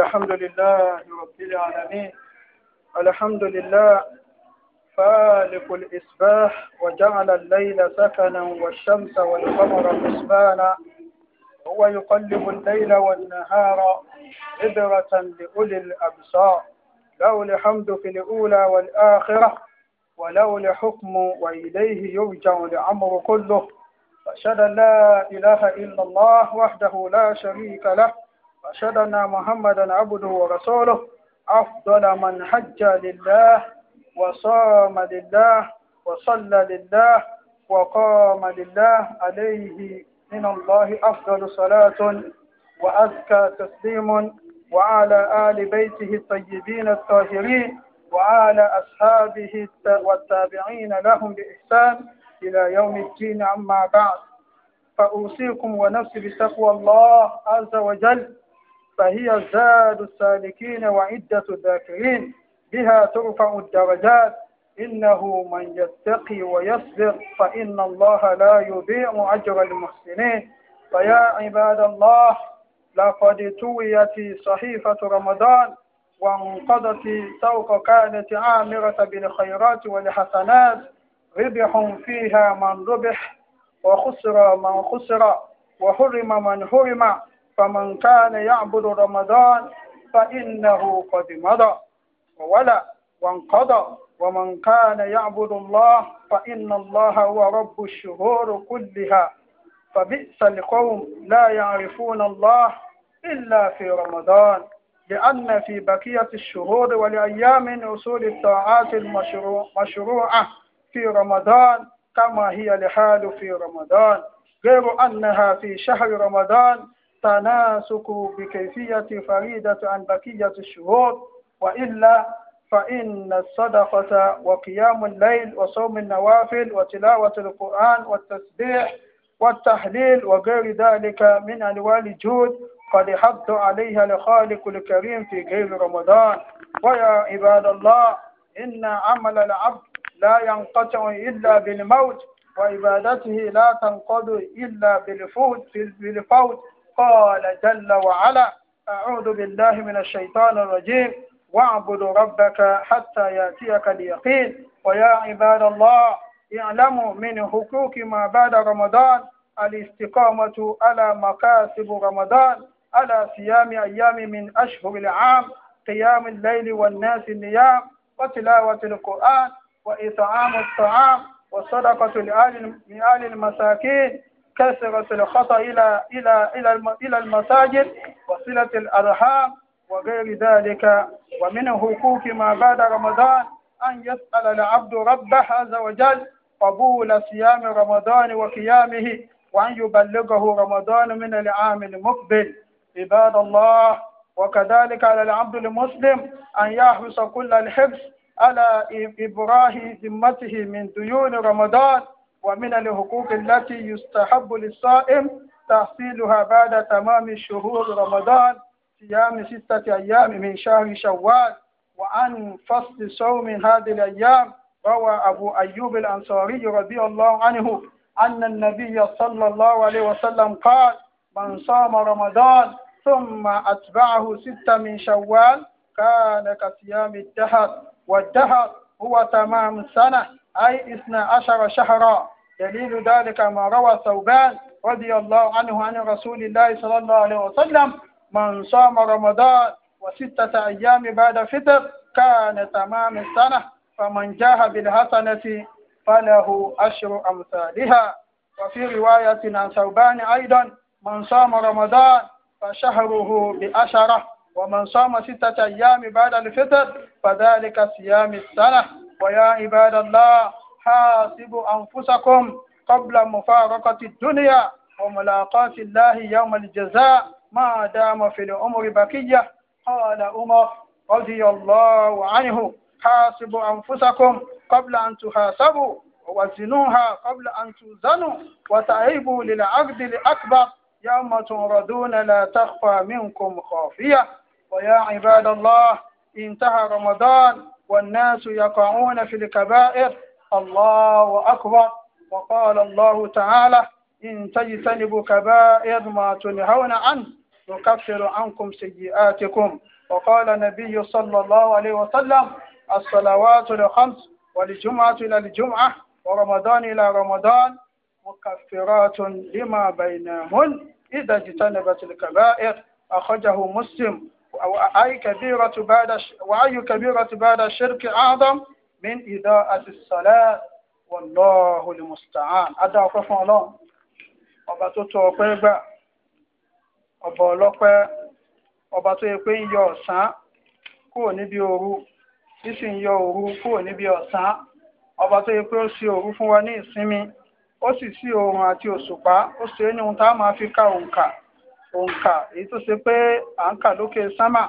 الحمد لله رب العالمين الحمد لله فالق الإصباح وجعل الليل سكنا والشمس والقمر حسبانا هو يقلب الليل والنهار عبرة لأولي الأبصار له الحمد في الأولى والآخرة وله الحكم وإليه يرجع الأمر كله أشهد أن لا إله إلا الله وحده لا شريك له أشهد أن محمدا عبده ورسوله أفضل من حج لله وصام لله وصلى لله وقام لله عليه من الله أفضل صلاة وأزكى تسليم وعلى آل بيته الطيبين الطاهرين وعلى أصحابه والتابعين لهم بإحسان إلى يوم الدين أما بعد فأوصيكم ونفسي بتقوى الله عز وجل فهي زاد السالكين وعدة الذاكرين بها ترفع الدرجات إنه من يتقي ويصبر فإن الله لا يضيع أجر المحسنين فيا عباد الله لقد تويت صحيفة رمضان وانقضت سوق كانت عامرة بالخيرات والحسنات ربح فيها من ربح وخسر من خسر وحرم من حرم فمن كان يعبد رمضان فإنه قد مضى وولى وانقضى ومن كان يعبد الله فإن الله هو رب الشهور كلها فبئس القوم لا يعرفون الله إلا في رمضان لأن في بقية الشهور والأيام من أصول الطاعات المشروعة في رمضان كما هي الحال في رمضان غير أنها في شهر رمضان التناسك بكيفية فريدة عن بقية الشهور وإلا فإن الصدقة وقيام الليل وصوم النوافل وتلاوة القرآن والتسبيح والتحليل وغير ذلك من أنواع الجود قد حض عليها الخالق الكريم في غير رمضان ويا عباد الله إن عمل العبد لا ينقطع إلا بالموت وعبادته لا تنقض إلا بالفوت بالفوت قال جل وعلا أعوذ بالله من الشيطان الرجيم واعبد ربك حتى يأتيك اليقين ويا عباد الله اعلموا من حقوق ما بعد رمضان الاستقامة على مكاسب رمضان على صيام أيام من أشهر العام قيام الليل والناس النيام وتلاوة القرآن وإطعام الطعام وصدقة لآل المساكين كثرة الخطأ إلى إلى إلى إلى المساجد وصلة الأرحام وغير ذلك ومن حقوق ما بعد رمضان أن يسأل العبد ربه عز وجل قبول صيام رمضان وقيامه وأن يبلغه رمضان من العام المقبل عباد الله وكذلك على العبد المسلم أن يحرص كل الحفظ على إبراه ذمته من ديون رمضان ومن الحقوق التي يستحب للصائم تحصيلها بعد تمام شهور رمضان صيام ستة أيام من شهر شوال وعن فصل صوم هذه الأيام روى أبو أيوب الأنصاري رضي الله عنه أن النبي صلى الله عليه وسلم قال من صام رمضان ثم أتبعه ستة من شوال كان كصيام الدهر والدهر هو تمام السنة أي 12 عشر شهرا دليل ذلك ما روى ثوبان رضي الله عنه عن رسول الله صلى الله عليه وسلم من صام رمضان وستة أيام بعد فطر كان تمام السنة فمن جاه بالحسنة فله عشر أمثالها وفي رواية عن ثوبان أيضا من صام رمضان فشهره بأشرة ومن صام ستة أيام بعد الفطر فذلك صيام السنة ويا عباد الله حاسبوا أنفسكم قبل مفارقة الدنيا وملاقاة الله يوم الجزاء ما دام في العمر بقية قال عمر رضي الله عنه حاسبوا أنفسكم قبل أن تحاسبوا ووزنوها قبل أن تزنوا وتعيبوا للعقد الأكبر يوم تردون لا تخفى منكم خافية ويا عباد الله انتهى رمضان والناس يقعون في الكبائر الله أكبر وقال الله تعالى إن تجتنبوا كبائر ما تنهون عنه نكفر عنكم سيئاتكم وقال النبي صلى الله عليه وسلم الصلوات الخمس والجمعة إلى الجمعة ورمضان إلى رمضان مكفرات لما بينهن إذا اجتنبت الكبائر أخرجه مسلم وأي كبيرة بعد وأي كبيرة بعد الشرك أعظم min ida'ati salat wallahu almusta'an adá ọpẹ́ fún ọlọ́run ọba tó tó ọpẹ́ gbà ọba ọlọ́pẹ́ ọba tó yẹ pé ń yọ ọ̀sán kúrò níbi òru sísìn yọ òru kúrò níbi ọ̀sán ọba tó yẹ pé ó ṣe òru fún wa ní ìsinmi ó sì sí oòrùn àti òṣùpá ó ṣe é ní ohun tá a máa fi ka òǹkà òǹkà èyí tó ṣe pé à ń kà lókè sámà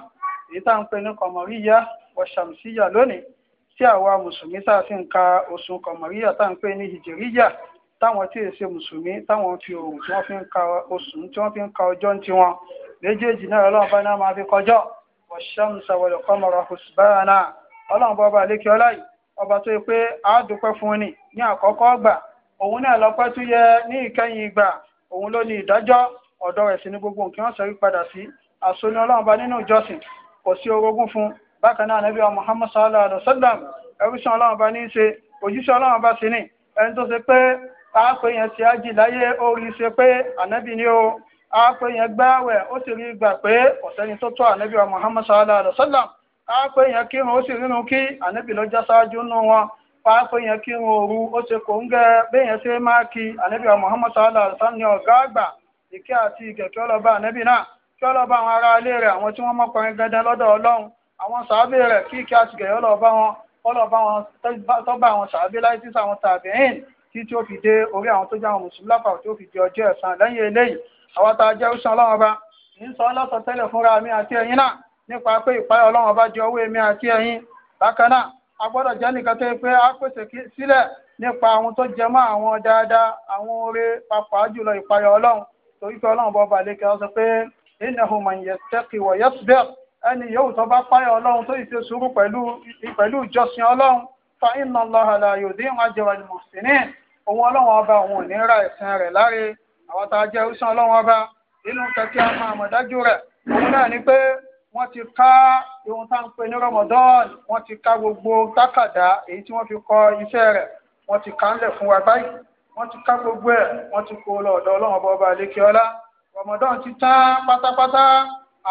èyí tá à ń pè ní kọmọríyá wọṣàmùsíyà lónìí tí àwa mùsùlùmí tá a sì ń ka oṣù kọmọríyà tá à ń pè ní hìjìríyà táwọn tí èsè mùsùlùmí táwọn fi òòrùn tí wọ́n fi ń ka oṣù tí wọ́n fi ń ka ọjọ́ ń tiwọn méjèèjì náà ọlọ́run bá náà máa fi kọjọ́ wash-shamsa wal-qamara husbana ọlọ́run bá ọba àlékè ọlá yìí ọba tó yẹ pé a dúpẹ́ fún ni ní àkọ́kọ́ gbà òun náà lọ́pẹ́ tó yẹ ní ìkẹyìn ìgbà òun ló ní ìdájọ́ ọ̀dọ̀ rẹ̀ sí ní gbogbo nǹkan ọ̀sẹ̀ rí padà sí àsoní ọlọ́run bá nínú ìjọsìn kò sí orogún fún bákan náà nàbí wa Muhammad sallallahu alaihi wa sallam ẹrúṣan ọlọ́run bá ní í ṣe òjíṣẹ́ ọlọ́run bá sí ní ẹni tó ṣe pé àápè yẹn ṣe ájì láyé ó rí ṣe pé ànábì ni ó àápè yẹn gbáwẹ̀ ó sì rí gbà pé ọ̀sẹ́ni tó tọ́ ànábì wa sallallahu alaihi wa sallam yẹn kírun ó sì kí ló já ṣáájú nù wọn yẹn òru ó ṣe kò ń gẹ ṣe alaihi wasallam ní ọ̀gá àgbà kí àwọn sàábé rẹ̀ kí kí aṣèkè ọlọ́ọ̀bá wọn ọlọ́ọ̀bá wọn tọ́ba àwọn sàábé láyé tí sàwọn tàbíìn tí tí ó fi dé orí àwọn tó jẹ́ àwọn mùsùlùmí lápapọ̀ tí ó fi di ọjọ́ ẹ̀san lẹ́yìn eléyìí àwọn tá a jẹ́ oṣù ọlọ́run ọba ní sọ lọ́sọ tẹ́lẹ̀ fúnra mi àti ẹ̀yin náà nípa pé ìpáyà ọlọ́run ọba di ọwọ́ èmi àti ẹ̀yin bákan náà a gbọ́dọ̀ jẹ́ nìkan tó yẹ pé a pèsè sílẹ̀ nípa àwọn tó jẹ mọ́ àwọn dáadáa àwọn oore pàápàá jùlọ ìpáyà ọlọ́run torí pé ọlọ́run bọ́ balẹ̀ kí wọ́n sọ pé innahu man yattaqi wa yasbir ẹni yóò tó bá páyà ọlọ́run tó ìṣe sùúrù pẹ̀lú ìjọsìn ọlọ́run fa inna Allaha la yudi'u ajra al-muhsinin òun ọlọ́run ọba òun ò ní ra ẹ̀sìn rẹ̀ láre àwọn tá a jẹ́ orísun ọlọ́run ọba nínú kẹkẹ́ a máa rẹ̀ òun náà ni pé wọ́n ti ká ohun tá à ń pè ní Ramadan wọ́n ti ká gbogbo tákàdá èyí tí wọ́n fi kọ iṣẹ́ rẹ̀ wọ́n ti ká ńlẹ̀ fún wa báyìí wọ́n ti ká gbogbo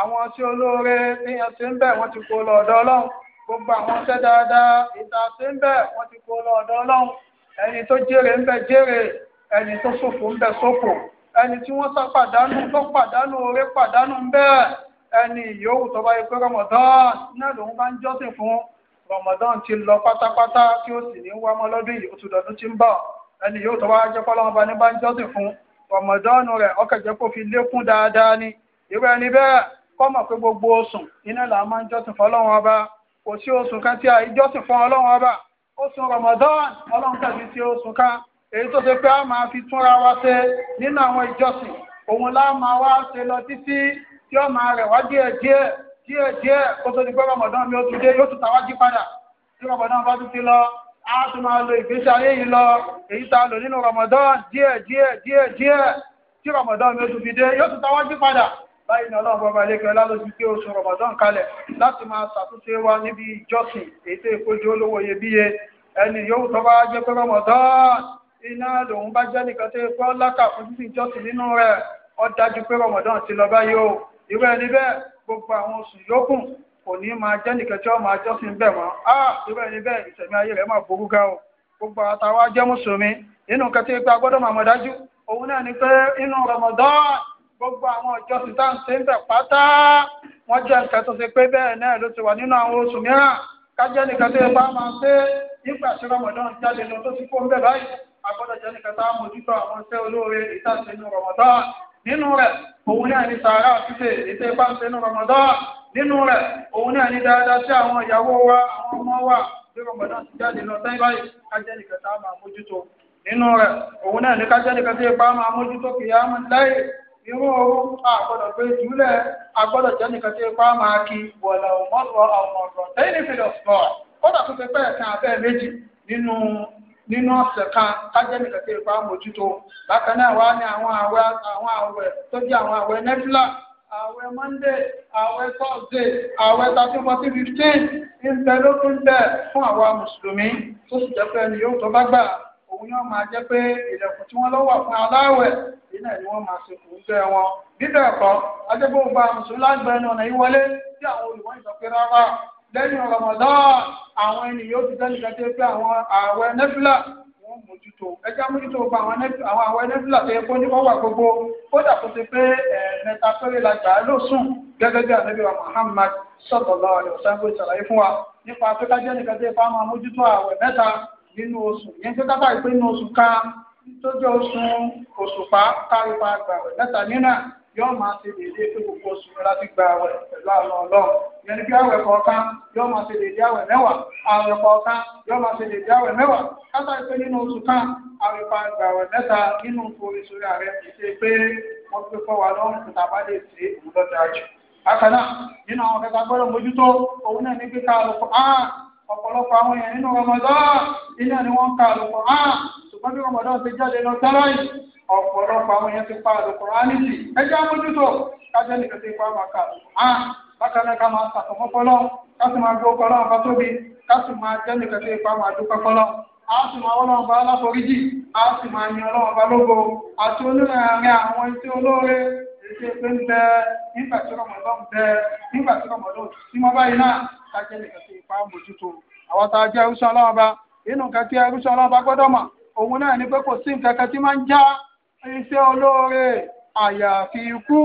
àwọn tí olóore níyàn ti ń bẹ̀ wọ́n ti kó lọ ọ̀dọ̀ ọlọ́run gbogbo àwọn ṣẹ́ dáadáa ìta ti ń bẹ̀ wọ́n ti kó lọ ọ̀dọ̀ ọlọ́run ẹni tó jèrè ń bẹ̀ jèrè ẹni tó ṣòfò ń bẹ̀ ṣòfò ẹni tí wọ́n sá pàdánù tó pàdánù oore pàdánù ń bẹ̀ ẹni ìyówù tó bá yẹ pé Ramadan náà lòun bá ń jọ́sìn fún Ramadan ti lọ pátápátá tí ó sì ní wá mọ́ lọ́dún yìí oṣù dọ̀dún ti ń bọ̀ ẹni yóò tọ́ wá jẹ́ fọlọ́wọn ní bá ń jọ́sìn fún Ramadan rẹ̀ ọkẹ̀jẹ́ kó fi lékún dáadáa ni irú ẹni bẹ́ẹ̀ kọ́mọ̀ pé gbogbo oṣù iná là máa ń jọ́sìn fún ọlọ́run ọba kò sí oṣù kan tí a ìjọ́sìn fún ọlọ́run ọba oṣù Ramadan ọlọ́run tàbí ti oṣù kan èyí tó ṣe pé a máa fi túnra wa ṣe nínú àwọn ìjọsìn òun lá máa wá ṣe lọ títí tí ó máa rẹ̀ wá díẹ̀ díẹ̀ díẹ̀ díẹ̀ kó tó di pé Ramadan mi ó tún dé yóò tún ta jí padà tí Ramadan bá tún ti lọ a tún máa lo ìgbésí ayé yìí lọ èyí tá a lò nínú Ramadan díẹ̀ díẹ̀ díẹ̀ díẹ̀ tí Ramadan mi ó tún fi dé yóò tún ta jí padà báyìí ni ọlọ́run ọba ilé kẹlá ló ti gbé oṣù rọ̀mọ̀dán kalẹ̀ láti máa ṣàtúnṣe wa níbi ìjọsìn ètò ìkójú olówó iyebíye ẹni yòówù tó bá jẹ́ pé iná lòun bá jẹ́ nìkan tó pọ́ lákà fún ìjọsìn nínú rẹ̀ dájú pé ti gbogbo àwọn oṣù kò ní máa jẹ́ nìkan tí ó máa jọ́sìn bẹ̀ mọ́ gbogbo àwọn ọjọ́ ti tá ń ṣe ń bẹ̀ pátá wọ́n jẹ́ nǹkan tó ṣe pé bẹ́ẹ̀ náà ló ti wà nínú àwọn oṣù mìíràn kájẹ́ nìkan tó yẹ bá máa ṣe nígbà tí rọmọdán jáde lọ tó ti kó ń bẹ̀ báyìí agbọ́dọ̀ jẹ́ nìkan tá a mójútó àwọn iṣẹ́ olóore ìtàṣe nínú rọmọdán nínú rẹ̀ òun náà ní sàárà ṣíṣe ètò ìpá ń ṣe nínú rọmọdán nínú rẹ̀ òun náà ní dáadáa sí àwọn ìyàwó wa àwọn ọmọ wa bí rọmọdán ti jáde lọ sẹ́yìn báyìí kájẹ́ nìkan tá a máa mójútó nínú rẹ̀ òun náà ní kájẹ́ nìkan tó yẹ bá máa mójútó kìyàmù irú ooru àgbọ̀dọ̀ gbé jùlẹ̀ àgbọ̀dọ̀ jẹ́ nìkan tí ipa máa kí wọ̀lọ̀ mọ́lọ̀ àwọn ọ̀rọ̀ lẹ́yìn fìlọ̀ sọ̀ kódà tó fi pẹ́ẹ́ kan abẹ́ méjì nínú nínú ọ̀sẹ̀ kan kájẹ́ nìkan tí ipa mójútó bákan náà wá ní àwọn àwẹ̀ àwọn àwẹ̀ tó jẹ́ àwọn àwẹ̀ nẹ́fìlà àwẹ̀ monday àwẹ̀ thursday àwẹ̀ thirty forty fifteen ń bẹ lókun bẹ́ẹ̀ fún àwa mùsùlùmí tó sì jẹ́ pé ẹni yóò tó bá gbà òun yóò máa jẹ́ pé ìlẹ̀kùn tí wọ́n lọ́wọ́ fún aláwẹ̀ iná ni wọ́n máa sìnkú ń tẹ́ wọn bíbẹ̀ ẹ̀kọ́ ajẹ́gbóhùn bá mùsùlùmí gbẹnu ọ̀nà yìí wọlé tí àwọn olùwọ́ ìsọ̀pẹ́ rárá lẹ́yìn Ramadan àwọn ènìyàn ti tẹ́lẹ̀ kẹ́tẹ́ pé àwọn ààwẹ̀ nẹ́fìlà wọ́n mójútó ẹjẹ́ mójútó gba àwọn ààwẹ̀ nẹ́fìlà tó yẹ kó ní ọwà gbogbo ó dàpọ̀ sí pé ẹ̀ẹ̀mẹta péré la gbà á lóṣùn gẹ́gẹ́ bí ànábì wa Muhammad sallallahu alaihi wasallam ṣàlàyé fún wa nípa pé ká jẹ́ nìkan tó yẹ kó máa mójútó ààwẹ̀ mẹ́ta nínú oṣù yẹn tó dábàá pé nínú oṣù ká tó jẹ́ oṣù òṣùpá kárípa gbàwẹ̀ lẹ́tà nínà yóò máa ṣe déédé pé gbogbo oṣù rẹ̀ láti gba àwẹ̀ pẹ̀lú àwọn ọlọ́run yẹn bí àwẹ̀ kọ̀ọ̀kan yóò máa ṣe déédé àwẹ̀ mẹ́wàá àwẹ̀ kọ̀ọ̀kan yóò máa ṣe déédé àwẹ̀ mẹ́wàá kátà pé nínú oṣù kan àwẹ̀pá gbàwẹ̀ lẹ́tà nínú orí sórí ààrẹ kì í ṣe pé wọ́n gbé fọ́ wa lọ́rùn kí tàbá lè ṣe òun jù. bákan náà nínú àwọn kẹta gbọ́dọ̀ mójútó òun náà ní gbé ká áà ọ̀pọ̀lọpọ̀ àwọn èèyàn nínú Ramadan iná ni wọ́n ń ka Al-Qur'an ṣùgbọ́n bí Ramadan ti jáde lọ sáláì ọ̀pọ̀lọpọ̀ àwọn èèyàn ti pa nìsí ẹjẹ́ amójútó kájẹ́ nìkan ti pa ka al N'aka bákan náà ká máa ká sì máa gbé ọkọ̀ ọlọ́run bá tóbi ká sì máa jẹ́ a sì máa ọlọ́run bá a sì máa yan ọlọ́run bá lógo àti onírànrìn àwọn iṣẹ́ olóore èsì kájẹ́ nìkan tí ipa mójútó àwọn tá a jẹ́ bá inú nǹkan tí ẹrúṣọ́ ọlọ́run bá gbọ́dọ̀ mọ̀ òun náà ni pé kò sí nǹkan kan tí máa ń já iṣẹ́ olóore àyàfi ikú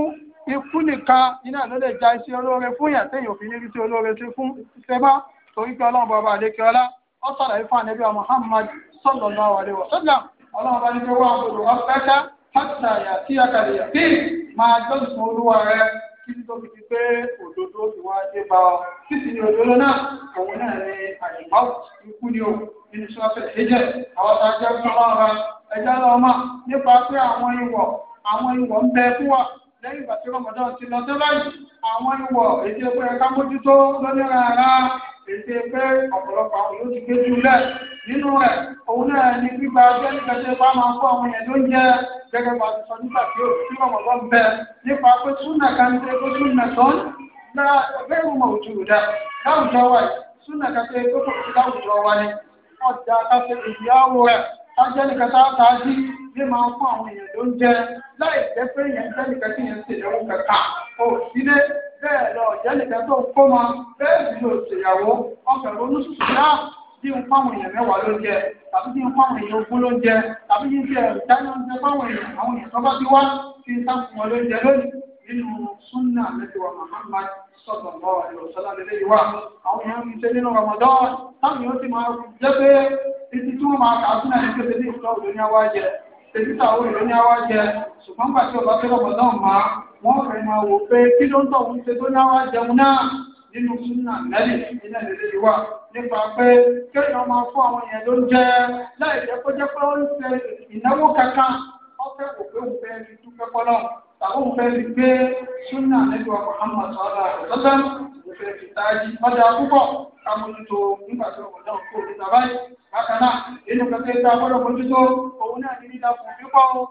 ikú nìkan iná ló lè já iṣẹ́ olóore fún yàn fi ní iṣẹ́ olóore sí fún torí pé ọlá ó bá ní pé wọ́n á títí tó fi di pé òdodo ti wá dé bá ọ títí ní òdodo náà òun náà ni àyùmá ikú ni o nínú sọfẹ ẹjẹ àwọn tá a jẹ fún ọmọ ọba ẹjẹ lọ ọmọ nípa pé àwọn ìwọ àwọn ìwọ ń bẹ fún wa lẹ́yìn ìgbà tí rọmọdán ti lọ sí báyìí àwọn ìwọ èdè ẹgbẹ ká mójútó lónìí rárá ètò ẹgbẹ́ ọ̀pọ̀lọpọ̀ àwọn yóò ti gbé jùlẹ̀ nínú ẹ̀ òun náà ní gbígba abẹ́ nígbà tí ẹgbẹ́ máa ń fún àwọn yẹn ló ń jẹ́ gẹ́gẹ́ bá ti sọ nígbà tí ó ti rọ̀ wọ́n bẹ nípa pé súnà kan tẹ pé súnà tán ná ọgbẹ́ ìwọ̀n òjò rẹ̀ láwùjọ wa súnà kan tẹ pé kò sí láwùjọ wa ni ọjà káfẹ́ ìyáwó rẹ̀ ajẹ́ nìkan tá a ta ní máa fún àwọn èèyàn ló ń jẹ láì bẹ́ẹ̀ lọ ọ̀jẹ́ nìkan tó ń kó ma bẹ́ẹ̀ sì ló ṣèyàwó ọkàn ronú sùsù náà ah, bí n fáwọn èèyàn mẹ́wàá ló jẹ tàbí bí n fáwọn èèyàn ogún ló jẹ tàbí bí n fi ẹ̀rù dáná oúnjẹ fáwọn èèyàn àwọn èèyàn tó bá ti wá fi sáfún wọn ló jẹ lónìí nínú súnà lẹ́tọ̀ọ́ Muhammad sallallahu alaihi wasallam lélẹ́yìí wà àwọn èèyàn ń ṣe nínú Ramadan táwọn èèyàn ti máa jẹ́ pé títí tí wọ́n máa kà á sínú àyẹ̀kẹ́ tẹ̀síta owó ìlú ní àwa jẹ ṣùgbọ́n gbà tí ọba tẹ́lọ̀ bọ̀ náà máa wọ́n fẹ́ máa wò pé kí ló ń tọ̀ ń ṣe tó ní àwa jẹun náà nínú súnà lẹ́yìn nínú ìdílé yìí wà nípa pé kéèyàn máa fún àwọn èèyàn ló ń jẹ láì jẹ́ kó jẹ́ pé ó ń ṣe ìnáwó kankan wọ́n fẹ́ pé òun fẹ́ fi dúpẹ́ kọ́lọ́ tàbí òun fẹ́ fi gbé súnà lẹ́dùn ọkọ̀ hàmà sọ́dà ọ̀tọ́tẹ́ òun fẹ́ fi táyì bákan náà nínú kẹkẹ tá a gbọ́dọ̀ mójútó òun náà ní nílá kùn pípọ̀ o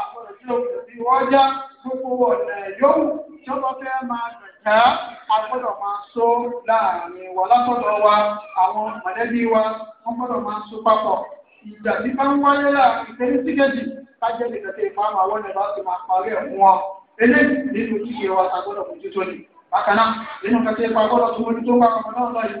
àgbọ́dọ̀ tí o kò fi wọ́jà gbogbo ọ̀nà yòówù tí ó bá fẹ́ máa dọ̀já a gbọ́dọ̀ máa so láàrin wa látọ̀dọ̀ wa àwọn mọ̀lẹ́bí wa wọ́n gbọ́dọ̀ máa so papọ̀ ìgbà tí bá ń wáyé là ìtẹ́lí tíkẹ́tì kájẹ́ lè tẹ̀sẹ̀ ìfáàmù àwọn ọ̀nà ìbá ti máa parí ẹ̀ fún wọn eléyìí nínú jíjẹ wa ta gbọ́dọ̀ mójútó ni bákan náà nínú kẹkẹ pa gbọ́dọ̀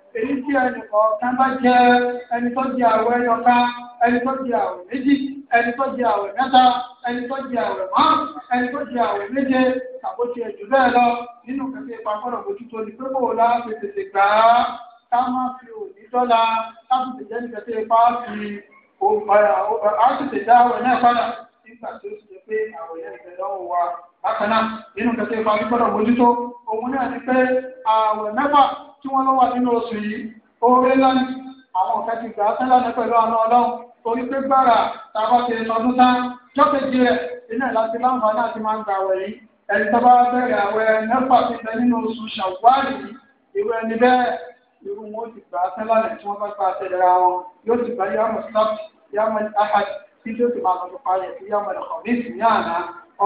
èyí tí ẹnì kọ̀ọ̀kan bá jẹ ẹni tó jẹ àwẹ̀ ẹyọ̀ká ẹni tó jẹ àwẹ̀ méjì ẹni tó jẹ àwẹ̀ mẹ́ta ẹni tó jẹ àwẹ̀ márùn ẹni tó jẹ àwẹ̀ méje tàbó ti ẹ̀jù bẹ́ẹ̀ lọ nínú kẹfẹ́ ìpapọ̀rọ̀ bójútó ni pé kò lá fi gbà á ká má fi òní dọ́là ká fi tètè ní kẹfẹ́ ipá fi á tètè dá àwẹ̀ náà padà nígbà tó ti jẹ pé àwẹ̀ yẹn ìgbẹ́ lọ́wọ́ wa bákanná nínú kẹsẹ̀ ìfà gbígbọ́dọ̀ mójútó òun náà ni pé ààwẹ̀ mẹ́fà tí wọ́n lọ́wọ́ nínú oṣù yìí oore lánìí àwọn ọ̀fẹ́ ti gbà á tẹ́lá ní pẹ̀lú àna ọlọ́run torí pé gbàrà tàbá ti sọdún tán jọ́kejì rẹ̀ iná ìlàsí láǹfààní àti máa ń gbà wẹ̀ yìí ẹni tó bá bẹ̀rẹ̀ àwẹ̀ mẹ́fà ti bẹ nínú oṣù ṣàwárì ìwé ẹni bẹ́ẹ̀ irú wọn ti gbà á tẹ́lá ní tí wọ́n bá gbà á tẹ̀lé ra wọn yóò ti gbà yàmù sábà tí tí ó sì máa lọ nípa rẹ̀ sí yọmọ ẹ̀kọ́ ní ìsìn àná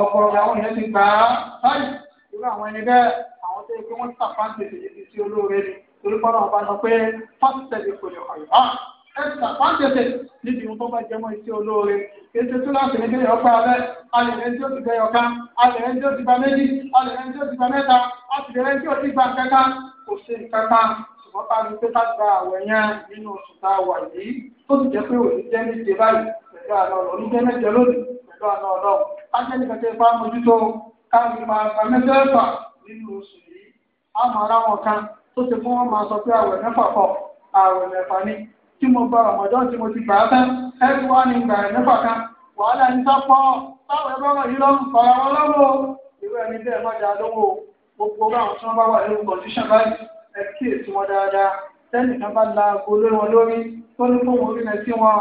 ọ̀pọ̀lọpọ̀ àwọn èèyàn ti gbà á báyìí irú àwọn ẹni bẹ́ẹ̀ àwọn tó yẹ kí wọ́n sàpáǹtì tèmi sí olóore ni torí pọ́nà ọba sọ pé fásitì kò lè ọ̀rọ̀ náà ah, ẹ sàpáǹtì níbi ohun tó bá jẹmọ́ iṣẹ́ olóore ètò tó láti ní kéèyàn pa abẹ́ alẹ́rẹ́ tí ó ti gbẹ̀yọ̀ kan alẹ́rẹ́ tí ó ti gba méjì alẹ́rẹ́ tí ó ti gba mẹ́ta àtìlẹ́rẹ́ tí ó ti gba kẹta kò sí kẹta ṣùgbọ́n bá mi pé ká gba àwẹ̀ yẹn nínú oṣù tá a wà yìí tó sì jẹ́ pé òní jẹ́ méje báyìí pẹ̀lú àná ọ̀rọ̀ oníjẹ́ mẹ́jọ lónìí pẹ̀lú àná ọ̀rọ̀ ajẹ́ nìkan tẹ́ bá mójútó káàmì máa gba mẹ́fẹ́fà nínú oṣù yìí àmọ́ ara wọn kan tó ti fún wọn ni tí mo gba ọ̀mọ̀dọ́ tí mo ti gbà á fẹ́ ẹ̀rù wá ní ìgbà mẹ́fà kan wàhálà ń sápọ̀ táwọn ẹgbẹ́ ẹ kíyèsí wọn dáadáa tẹ́nìkan bá la agolo wọn lórí tó ní fún wọn orílẹ̀ sí wọn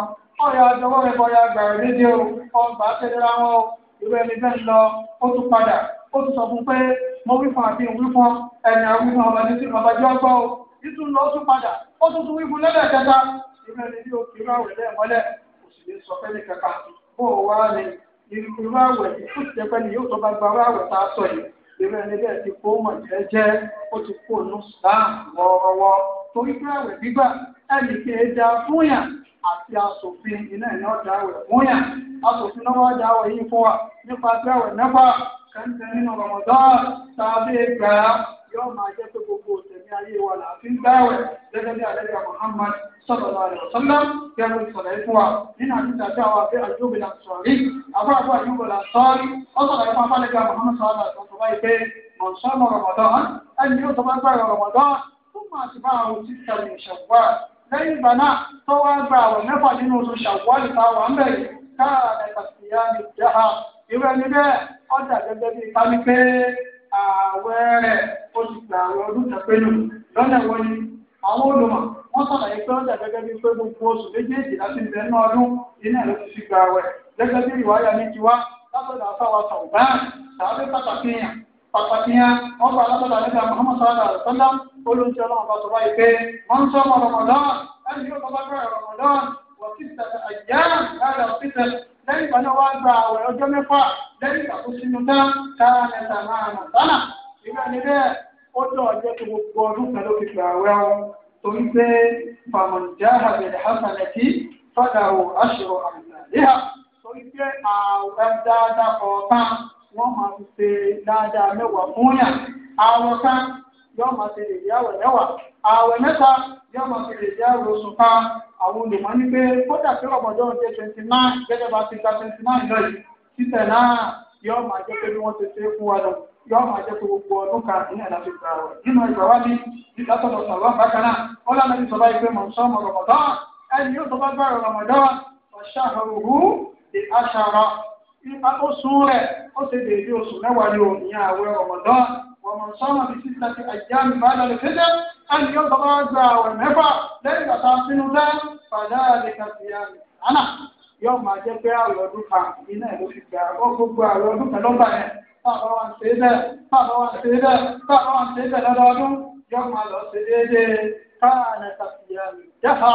ọ̀yà àdọ́wọ́ rẹ̀ kọ́ ya gbàrẹ̀ lédè o ọgbà tẹ̀léra wọn o ìwé ẹni bẹ́ẹ̀ lọ ó tún padà ó tún sọ fún pé mo wí fún àbí ìwí fún ẹni àwọn ìwé ọmọdé tí bàbá jọ gbọ́ o títún lọ tún padà ó tún tún wí fún lẹ́lẹ̀ kẹta ìwé ẹni bí òkè ráwẹ̀ lẹ́ẹ̀mọ́lẹ̀ kò sì ní sọ ìrẹ́ ẹni bẹ́ẹ̀ ti kó mọ̀ jẹ́jẹ́ ó ti kó nù sáà wọ́ọ́rọ́wọ́ torí pé àwẹ̀ gbígbà ẹnì kìí da fún yàn àti asòfin iná ẹ̀ náà da àwẹ̀ fún yàn asòfin náà wá da àwẹ̀ yìí fún wa nípa pé àwẹ̀ mẹ́fà kẹ́ńtẹ́ nínú Ramadan tàbí gbà yóò máa jẹ́ pé gbogbo òtẹ̀mí ayé wa là fi ń gbáwẹ̀ gẹ́gẹ́ bí àlẹ́gbẹ̀ Muhammad sọ̀rọ̀ àrẹ ọ̀sọ́lá gẹ́gẹ́ bí sọ̀rọ̀ ẹ̀fọ́ wa nínú àdúgbò àti àwọn abẹ́ àjọbí là sọ̀rí àbúrò àjọbí là sọ̀rí ó sọ̀rọ̀ ẹ̀fọ́ afálẹ́gbẹ̀ Muhammad sọ̀rọ̀ àrẹ ọ̀sọ́lá ìpè mọ̀nsọ́mọ̀ rọ̀mọ̀dán ẹni yóò tó bá gbà rọ̀mọ̀dán fún màá ti bá àwọn títà ní ìṣàgbà lẹ́yìn ìgbà náà tó bẹ́ẹ̀ ọjà gẹ́gẹ́ bíi ká ní pé ààwẹ̀ rẹ̀ ó ti gbà àwọn ọdún tẹ̀pẹ́lú lọ́nà ìwọ ni àwọn olùmọ̀ wọ́n sàlàyé pé ọjà gẹ́gẹ́ bíi pé gbogbo oṣù méjèèjì láti ìbẹ̀ náà ọdún iná ló ti fi gbà ààwẹ̀ gẹ́gẹ́ bí ìwáyà ní tiwa látọ̀dọ̀ àfáwà sọ̀gbọ́n tàbí pàtàkì yàn pàtàkì yàn wọ́n gbà látọ̀dọ̀ àlejò Muhammad sallallahu alaihi wasallam olóńtí ọlọ́run bá sọ báyìí pé wọ́n ń sọ́mọ Ramadan ẹni yóò tọ́ bá bẹ̀rẹ̀ Ramadan wọ́n ti tẹ̀sẹ̀ àjẹ́ lẹ́yìn ìgbà náà wá gba àwẹ̀ ọjọ́ mẹ́fà lẹ́yìn ìgbà tó sínú tán tára mẹ́ta máa nà sánà ìgbà ní bẹ́ẹ̀ ó dọ̀ ọjọ́ tó gbogbo ọdún kan ló fi fi àwẹ̀ wọn torí pé àbẹ̀rẹ̀ hasanẹ̀tì fọ́dàwò aṣọ àmàlẹ́hà torí pé àwẹ̀ dáadáa kọ̀ọ̀kan wọ́n máa ń ṣe dáadáa mẹ́wàá fún yàn àwọ̀ kan yóò máa ṣe lè yá àwẹ̀ mẹ́wàá àwẹ̀ mẹ́ta yóò máa ṣe lè yá àwẹ̀ oṣù ká àwọn olùmọ̀ ní pé kódà pé ọ̀pọ̀jọ́ ọjọ́ twenty nine gẹ́gẹ́ bá ti ka twenty nine lọ yìí títẹ̀ náà yóò máa jẹ́ pé bí wọ́n ti ṣe é fún wa lọ yóò máa jẹ́ pé gbogbo ọdún kan ní ẹ̀dá ti gbà wẹ̀ nínú ìgbà wá ní ìdásọ̀rọ̀ sọ̀rọ̀ bákan náà ó lánàá ومن sọ́nà بستة أيام ti àjá mi bá lọ lè fẹ́jẹ́ ẹni yóò tọ́ bá gba àwẹ̀ mẹ́fà lẹ́yìn bàtà sínú tẹ́ fàdá lè ka sí ya mi. àná yóò máa jẹ́ pé àwẹ̀ ọdún kan iná ẹ̀ ló fi gbà ó gbogbo àwẹ̀ ọdún kan lọ́gbà yẹn táàbà wà ṣe é bẹ́ẹ̀ táàbà wà ṣe é bẹ́ẹ̀ táàbà wà ṣe é bẹ́ẹ̀ lọ́dọọdún yóò máa lọ ṣe déédéé káàlẹ̀ kàfíyàmì jẹ́fà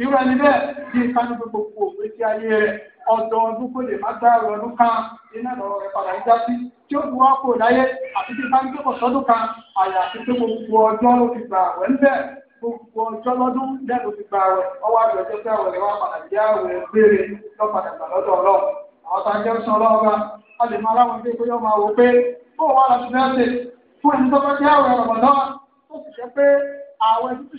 irú ẹni bẹ́ẹ̀ bí kánú gbogbo òwe tí ayé rẹ̀ ọ̀dọ̀ ọdún kò lè má gbá ọdún kan iná lọ́wọ́ rẹ̀ padà ń já sí tí ó fi wá kúrò láyé àti tí bá ń gbé pọ̀sọ́dún kan àyà àti pé gbogbo ọjọ́ ló fi gbà wẹ̀ ń bẹ̀ gbogbo ọjọ́ lọ́dún lẹ́nu ti gbà wẹ̀ ọwọ́ àgbẹ̀ ọjọ́ pé àwẹ̀ rẹ̀ wá padà jẹ́ àwẹ̀ gbére lọ́padà gbà lọ́dọ̀ ọlọ́run àwọn tá a jẹ́ sọ ọlọ́run bá a lè máa láwọn ilé ìgbéyàwó máa wò pé ó wà láti fẹ́ ṣe fún ẹni tó bá jẹ́ àwẹ̀ rọ̀mọ̀dán ó sì jẹ́ pé àwẹ̀ tútù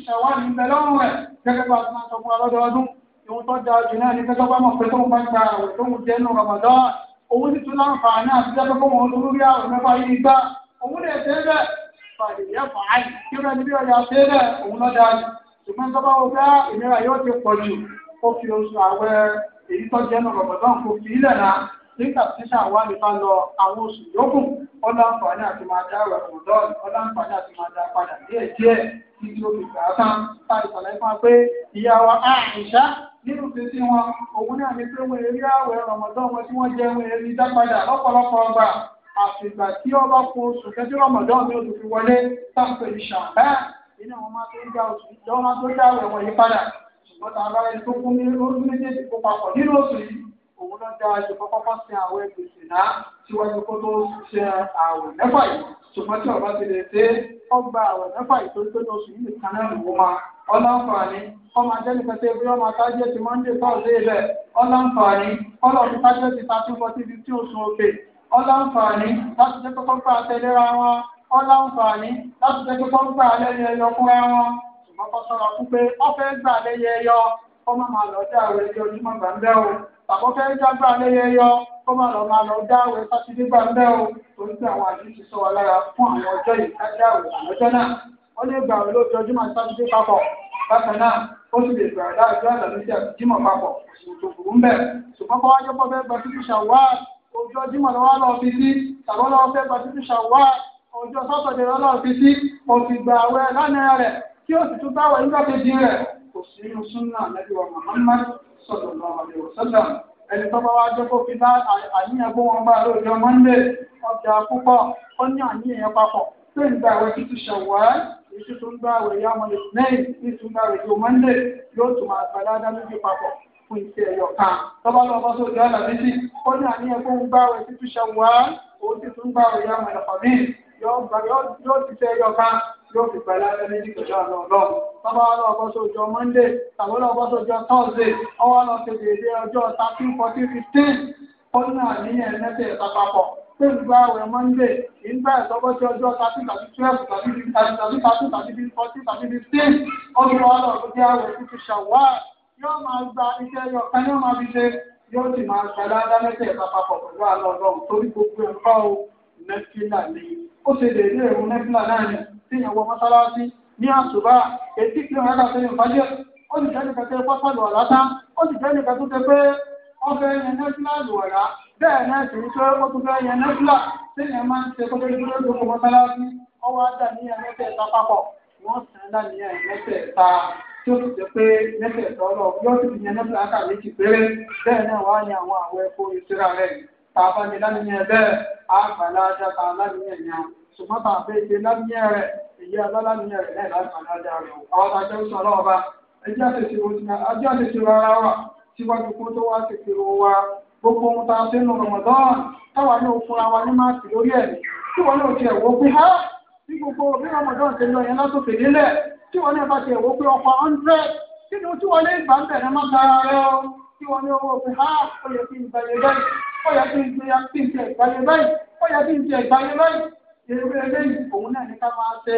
òun sì tún láǹfààní àti jẹ́ pé wọ́n lórí àwọn mẹ́fà yìí gbá òun lè ṣe bẹ́ẹ̀ fàdìyẹ fàáyì kí wọ́n ní bí ọjà ṣe bẹ́ẹ̀ òun lọ́dà ni ṣùgbọ́n tó bá wọ bá ah, ìnira yóò ti pọ̀ jù ó fi oṣù àwẹ̀ èyí tó jẹ́ náà bàbá náà kò fi ilẹ̀ náà nígbà tí ṣàwọn àlùfáà lọ àwọn oṣù yòókù ó láǹfààní àti máa dá rẹ̀ kò dọ́ọ̀lù ó láǹfààní àti máa dá padà díẹ̀ díẹ̀ kí ló fi gbà á tán táyì sàlẹ̀ fún wa pé ìyá wa àìṣá nínú títí wọn òun náà ní pé wọn èrí ààwẹ̀ rọmọdán wọn tí wọn jẹ wọn èrí dápadà lọ́pọ̀lọpọ̀ ọgbà àfìgbà tí ọba kó oṣù kẹjọ rọmọdán mi ò tó fi wọlé sáfẹ ìṣàmbá nínú àwọn máa tó ń dá oṣù ìjọba máa tó dá ààwẹ̀ wọn yí padà ṣùgbọ́n tààrà ẹni tó kún ní orí méjèèjì kó papọ̀ nínú oṣù yìí òun ló dáa ju kọ́kọ́ fọ́sìn ààwẹ̀ gbèsè náà síwájú kó tó ṣe ààwẹ̀ mẹ́fà yìí ṣùgbọ́n tí ọba ti lè dé ọgbà àwọn mẹ́fà ìtòlítòlì oṣù yìí nìkan náà ló máa ọlọ́nfààní ọmọ ajẹ́nìkan tẹ́ bí ọmọ atájẹ́ ti mọ́ndé tọ́ọ̀dé rẹ̀ ọlọ́nfààní ọlọ́ọ̀tún tájẹ́ ti ta tún fọtí fi tí oṣù òkè ọlọ́nfààní láti jẹ́ kọ́kọ́ gbà tẹ́lẹ́ra wọn ọlọ́nfààní láti jẹ́ kọ́kọ́ gbà lẹ́yìn ẹyọ fúnra wọn ṣùgbọ́n kọ́ sọ̀rọ̀ fún pé ọ àkọ́kẹ́ nígbàgbà lẹ́yẹ yọ kó má lọ máa lọ dáwẹ̀ sátidé gbà ń bẹ́ o torí pé àwọn àdúgbò ti sọ wa lára fún àwọn ọjọ́ yìí ká dáwẹ̀ àlọ́jọ́ náà wọ́n lè gbà lójú ọjọ́ máa sátidé papọ̀ bákan náà ó sì lè gbà láàjọ àlàmísì àtìjímọ̀ papọ̀ òṣùwọ̀n tó burú ń bẹ̀ ṣùgbọ́n kọ́ wájú pọ̀ bẹ́ẹ̀ gbà títí ṣàwá ojú ọjímọ̀ lọ́wọ́ lọ fi sí tàbọ́ lọ́wọ́ fẹ́ gbà títí ṣàwá ojú ọsọ́tọ̀dẹ̀ lọ́wọ́ fi Muhammad sọ̀rọ̀ lọ́wọ́ àlẹ́ òṣèlú ẹni tó bá wá jẹ́ kó fi bá àníyàn gbó wọn bá lórí ọmọ ńlẹ̀ ọjà púpọ̀ ó ní àníyàn yẹn papọ̀ pé ìgbà ìwé títí ṣọ̀wọ́ èyí tó ń gbà wẹ̀ yá wọn lè lẹ́yìn ní tó ń gbà wẹ̀ yóò mọ́ndé yóò tún máa gbà dáadáa lójú papọ̀ fún ìṣe ẹ̀yọ̀ kan tọ́ba lọ bọ́ sóde ọ̀là méjì ó ní àníyàn gbó ń títí ṣọ̀wọ́ òun ti tún gbà wẹ̀ yá wọn lè yóò ti ṣe yọ̀ká yóò fi pẹ̀lú ẹni méjì pẹ̀lú àná ọlọ́run tọ́ba wa lọ bọ́ sójú mọ́ndé tàbí lọ bọ́ sójú tọ́sídẹ̀ẹ́ ọwọ́ lọ ṣe déédéé ọjọ́ thirteen fourteen fifteen ọdún àníyàn mẹ́tẹ̀ẹ̀ta papọ̀ pé ìgbà àwẹ̀ mọ́ndé ìgbà ìtọ́gbọ́sí ọjọ́ thirteen tàbí twelve tàbí tàbí thirteen tàbí fourteen tàbí fifteen ọdún wa lọ bọ́ sí àwẹ̀ tuntun ṣàwá yóò máa gba iṣẹ́ yọ̀ká yóò máa fi ṣe yóò sì máa ṣàlàyé mẹ́tẹ̀ẹ̀ta papọ̀ pẹ̀lú àná ọlọ́run torí gbogbo ẹ̀kọ́ o nẹ́fílà ni ó ṣe lè ní ẹ̀rù nẹ́fìlà láàrin tí ìyàwó mọ́sálásí ní àṣùbá etí kí wọ́n rà sẹ́yìn fàjẹ́ ó sì jẹ́ni kẹtẹ́ pápálù àlátá ó sì jẹ́ni kẹtẹ́ tẹ pé ọfẹ́ yẹn nẹ́fìlà lùwàrà bẹ́ẹ̀ náà sì ń pé ó tún fẹ́ yẹn nẹ́fìlà tí ìyẹn máa ń ṣe kó lórí lórí lóko mọ́sálásí ọwọ́ ajá ní ẹ̀ tàbá ti lámìyàn bẹ́ẹ̀ á gbà láàdá ká lámìyàn yẹn ṣùgbọ́n tàbá ti lámìyàn rẹ̀ èyí alálàmìyàn rẹ̀ náà láti àdáda rẹ̀ àwọn àjọ ìṣọ̀rọ̀ ọba ẹjẹ́ àtẹ̀sí rárá wà síwájú kó tó wá ti kiri wa gbogbo ohun a ṣe ń táwa ní òfin ara ní máa ti lórí tí wọn pé bí gbogbo bí Ramadan ṣe lọ yẹn tí wọ́n ní owó òfin ha ah, ó yẹ kí n gbàyè báyìí ó yẹ kí n gbé ya kí n ti ẹ̀gbáyé báyìí ó yẹ kí n ti ẹ̀gbáyé báyìí èrè eléyìí òun náà ní ká máa ṣe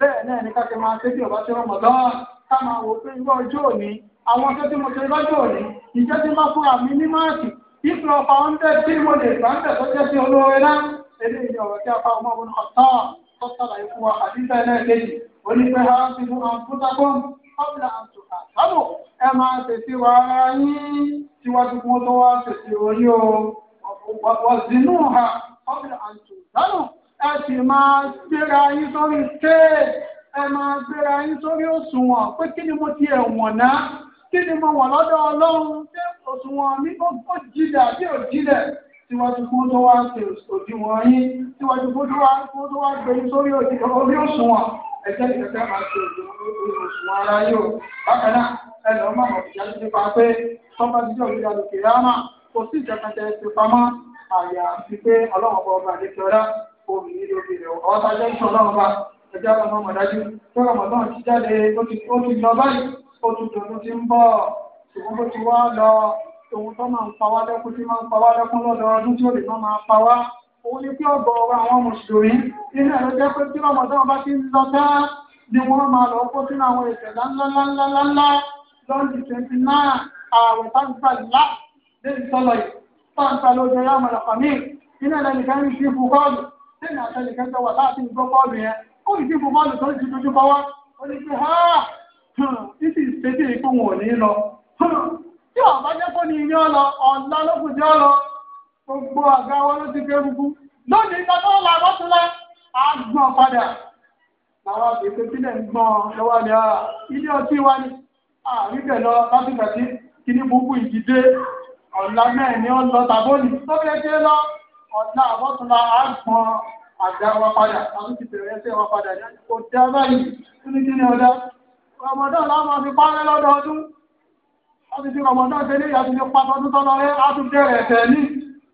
bẹ́ẹ̀ náà ní ká ṣe máa ṣe bí ọba ṣe rọmọ lọ́wọ́ ká máa wò pé irú ọjọ́ òní àwọn ọjọ́ tí mo ṣe lọ́jọ́ òní ìjọ tí máa fún àmì ní máàkì ìfúnra ọ̀pá ọ̀ńdẹ tí mo lè gbà ń tẹ̀ tó jẹ́ sí olóore náà eléyìí ọ̀rọ̀ tí a fa ọmọ ọmọ náà tán tó sàlàyé fún wa àdìsẹ́ náà kejì onígbẹ́ ha ti mú àwọn fúntakọ́ọ̀mù kọ́bìlà àtùkà sábò ẹ máa tètè wá yín síwájú kí wọ́n tó wá tètè orí o wọ̀zínú ha kọ́bìlà àtùkà sábò ẹ sì máa gbéra yín sórí téè ẹ máa gbéra yín sórí òṣùwọ̀n pé kí ni mo ti ẹ̀ wọ̀n náà kí ni mo wọ̀n lọ́dọ̀ ọlọ́run ṣé òṣùwọ̀n mi ó jìlẹ̀ àbí ò jìlẹ̀ síwájú kó tó wá ṣe òdiwọ̀n yín síwájú kó tó wá gbé sórí òṣùwọ̀n ẹjẹ́ ìkẹ́kẹ́ máa ṣe òṣùwọ̀n ara yóò bákan náà ẹnì ọmọ àwọn òṣìṣẹ́ ti nípa pé tọ́ba jíjọ́ ìjọba lòkè rámà kò sí ìjọkànjẹ ti pamọ́ àyà àti pé ọlọ́run ọba ọba àdékẹ́ọ́lá omi nílò ìrẹ̀ ọ̀tá jẹ́ ìṣọ́ ọlọ́run ọba ẹjẹ́ ọmọ ọmọ dájú pé ọmọdún ti jáde ó ti lọ báyìí ó ti dọ̀dún ti ń bọ̀ ṣùgbọ́n bó ti wá lọ òun tó máa ń pa wá lẹ́kún tí máa ń pa wá lẹ́kún lọ́dọọdún tí ó lè máa pa wá òun ni pé ọgbọ̀ ọ̀rọ̀ àwọn mùsùlùmí nínú ẹ̀rọ jẹ́ pé tí wọ́n mọ̀tọ́ bá ti ń lọ tá ni wọ́n máa lọ kó sínú àwọn ìṣẹ̀dá ńláńláńláńlá lọ́ọ̀dì twenty nine ààrùn táǹgbà ńlá lẹ́yìn sọ́lọ̀ yìí táǹgbà ló jẹ́ yá mọ̀lá fàmí nínú ẹ̀rọ nìkan ní ti bu bọ́ọ̀lù lẹ́yìn àtẹnìkan jọ wà gbogbo àga wọn ló ti gbé rúgbú lónìí ìgbà tó ń la lọ́túnlá á gbọ́n padà àwọn àgbègbè sílẹ̀ ń gbọ́n lọ́wọ́ ni ilé ọtí wa ni àríbẹ̀ lọ lásìkàtí kí ní gbogbo ìdílé ọ̀la mẹ́rin ni ó ń lọ tàbóni tó fẹ́ dé lọ ọ̀la àbọ̀túnlá á gbọ́n àga wa padà àwọn ti bẹ̀rẹ̀ ẹsẹ̀ wa padà ní ọjà báyìí tó ní kí ni ọjà ọmọdún láwọn ti fi